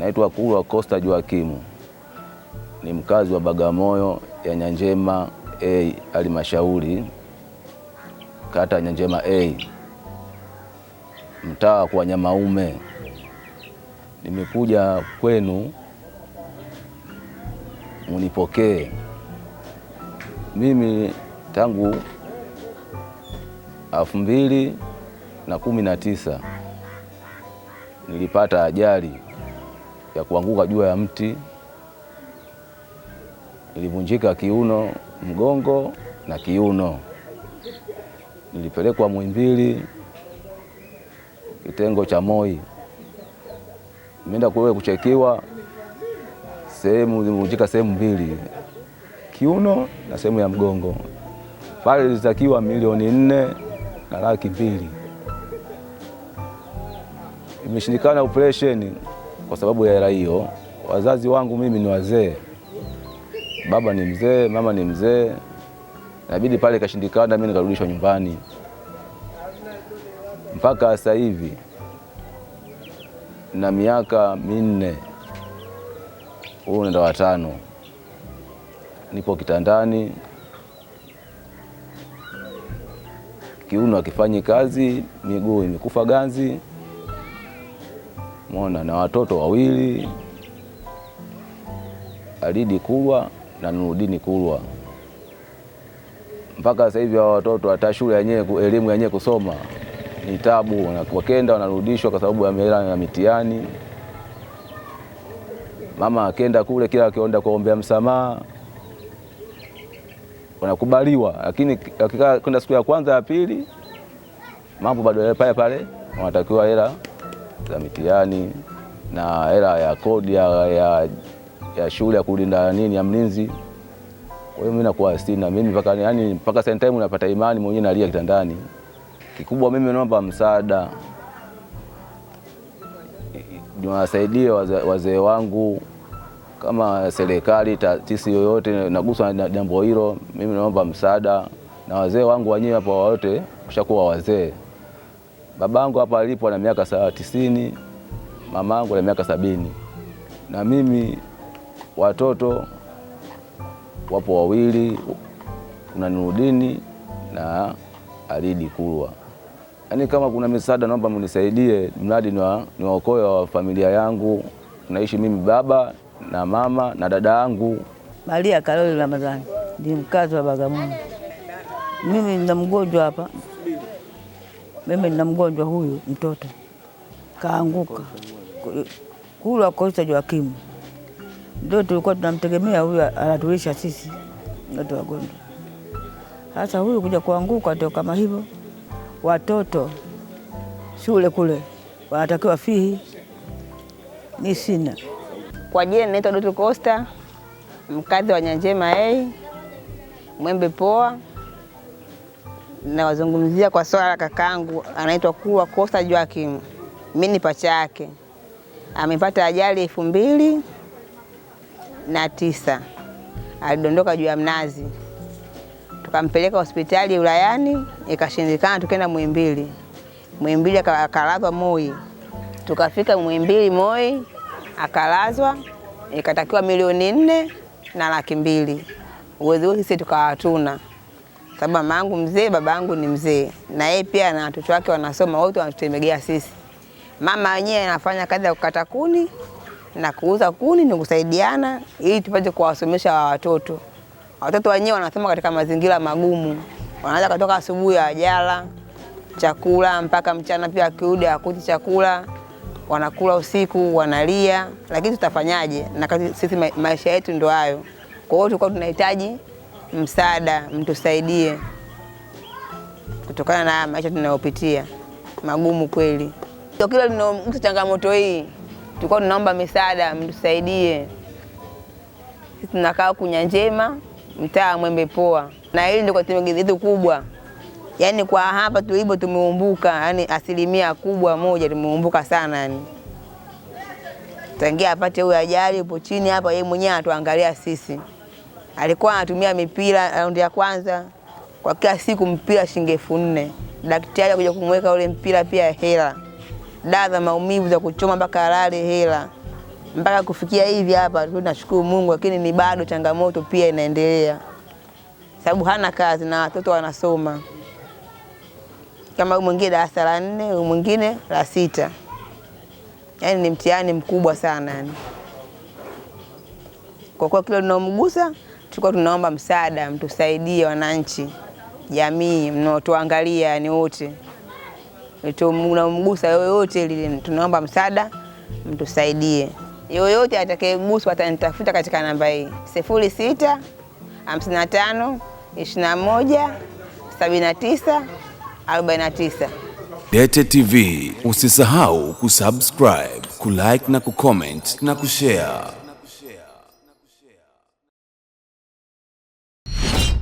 Naitwa Kulwa Costa Joakimu, ni mkazi wa Bagamoyo ya Nyanjema A halmashauri, kata ya Nyanjema A mtaa kwa Nyamaume. Nimekuja kwenu munipokee. Mimi tangu elfu mbili na kumi na tisa nilipata ajali ya kuanguka juu ya mti, nilivunjika kiuno, mgongo na kiuno. Nilipelekwa Muhimbili kitengo cha MOI, nimeenda kuwe kuchekiwa sehemu, zimevunjika sehemu mbili, kiuno na sehemu ya mgongo. Pale ilitakiwa milioni nne na laki mbili, imeshindikana operesheni kwa sababu ya hela hiyo. Wazazi wangu mimi ni wazee, baba ni mzee, mama ni mzee, nabidi pale ikashindikana, mimi nikarudishwa nyumbani mpaka sasa hivi na miaka minne huu nenda watano, nipo kitandani, kiuno akifanyi kazi, miguu imekufa ganzi mona na watoto wawili Alidi Kulwa na Nurudini Kulwa. Mpaka sasa hivi hao watoto hata shule yenyewe elimu yenyewe kusoma ni tabu, wakenda wanarudishwa kwa sababu ya mihela na mitihani. Mama akenda kule, kila akienda kuombea msamaha wanakubaliwa, lakini akikaa kwenda siku ya kwanza ya pili, mambo bado pale pale, wanatakiwa hela za mitihani na hela ya kodi ya, ya, ya shule ya kulinda nini ya mlinzi. Kwa hiyo mimi nakuwa sina mimi mpaka yani, mpaka same time napata imani mwenyewe, nalia kitandani. Kikubwa mimi naomba msaada, niwasaidie wazee wangu, kama serikali, taasisi yoyote naguswa na jambo hilo, mimi naomba msaada, na wazee wangu wenyewe hapa wote kushakuwa wazee Babangu hapa alipo ana miaka saa tisini, mamangu ana miaka sabini, na mimi watoto wapo wawili, kuna Nurudini na Alidi Kulwa. Yaani kama kuna misaada naomba mnisaidie, mradi ni wa familia yangu. naishi mimi baba na mama na dada yangu Maria Karoli Ramadhani, ni mkazi wa Bagamoyo. Mimi na mgonjwa hapa mimi nina mgonjwa huyu mtoto kaanguka kula akosa Joakimu, ndio tulikuwa tunamtegemea huyu anatulisha sisi watu wagonjwa. Sasa huyu kuja kuanguka ndio kama hivyo. Watoto shule kule wanatakiwa fihi, ni sina. Kwa jina naitwa Doto Costa, mkazi wa Nyanjema A Mwembe Poa nawazungumzia kwa swala la kakangu anaitwa Kulwa kosa Joakim, mimi ni pacha yake. Amepata ajali elfu mbili na tisa, alidondoka juu ya mnazi, tukampeleka hospitali ulayani ikashindikana. Tukaenda Muhimbili, Muhimbili akalazwa Moi, tukafika Muhimbili Moi akalazwa, ikatakiwa milioni nne na laki mbili. Uwezo sisi tukawatuna sababu mama yangu mzee, baba yangu ni mzee, na yeye pia na watoto wake wanasoma, wote wanatutegemea sisi. Mama wenyewe anafanya kazi ya kukata kuni na kuuza kuni, ni kusaidiana ili tupate kuwasomesha wa watoto. Watoto wenyewe wanasoma katika mazingira magumu, wanaanza kutoka asubuhi hawajala chakula mpaka mchana, pia akirudi hakuti chakula, wanakula usiku, wanalia. Lakini tutafanyaje? Na sisi maisha yetu ndio hayo. Kwa hiyo tulikuwa tunahitaji msaada, mtusaidie kutokana na maisha tunayopitia magumu kweli. Kila linaogusa changamoto hii, tulikuwa tunaomba misaada, mtusaidie. Sisi tunakaa kunya njema, mtaa Mwembe Poa, na hili ndio tegemeo letu kubwa. Yaani kwa hapa tulipo tumeumbuka, yaani asilimia kubwa moja tumeumbuka sana yani. Tangia apate huyo ajali, upo chini hapa, yeye mwenyewe atuangalia sisi alikuwa anatumia mipira eh, raundi ya kwanza kwa kila siku mpira shilingi elfu nne. Daktari akuja kumweka ule mpira pia hela, dawa za maumivu za kuchoma mpaka alale hela, mpaka kufikia hivi hapa. Tunashukuru Mungu, lakini ni bado changamoto pia inaendelea, sababu hana kazi na watoto wanasoma, kama huyu mwingine darasa la nne, huyu mwingine la sita. Yaani ni mtihani mkubwa sana yani, kwa kuwa kila linamgusa tulikuwa tunaomba msaada, mtusaidie wananchi, jamii mnaotuangalia, yani wote tunamgusa yoyote lile, tunaomba msaada, mtusaidie. Yoyote atakayeguswa atanitafuta katika namba hii sifuri sita hamsini na tano ishirini na moja sabini na tisa arobaini na tisa. Dete TV, usisahau kusubscribe, kulike na kucomment na kushare.